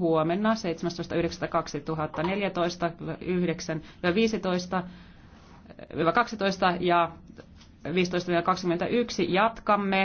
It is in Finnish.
huomenna 17.9.2014 9 12 ja 15.21 jatkamme